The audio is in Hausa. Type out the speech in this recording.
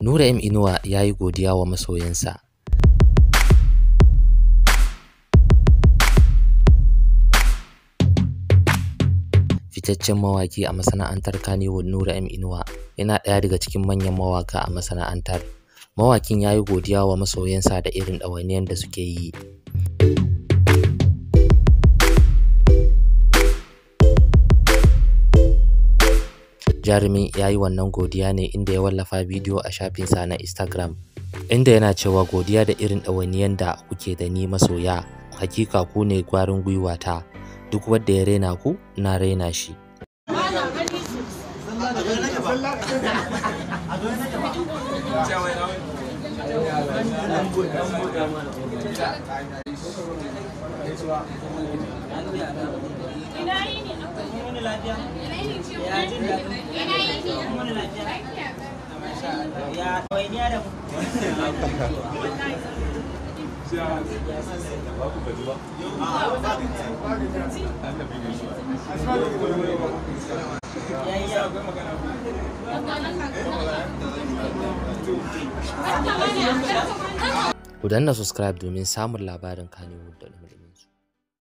Nura M Inuwa ya yi godiya wa masoyansa. Fitaccen mawaki a masana'antar Kanewood Nura M Inuwa yana ɗaya daga cikin manyan mawaka a masana'antar. Mawakin ya yi godiya wa masoyansa da irin ɗawainiyar da suke yi. Jarumin ya yi wannan godiya ne inda ya wallafa bidiyo a shafinsa na Instagram, inda yana cewa godiya da irin ɗawainiyar da kuke da ni masoya, hakika ku ne gwarin ta? duk wadda ya raina ku, na raina shi. Ina Ku danna subscribe domin samun labarin kanewood da ɗumin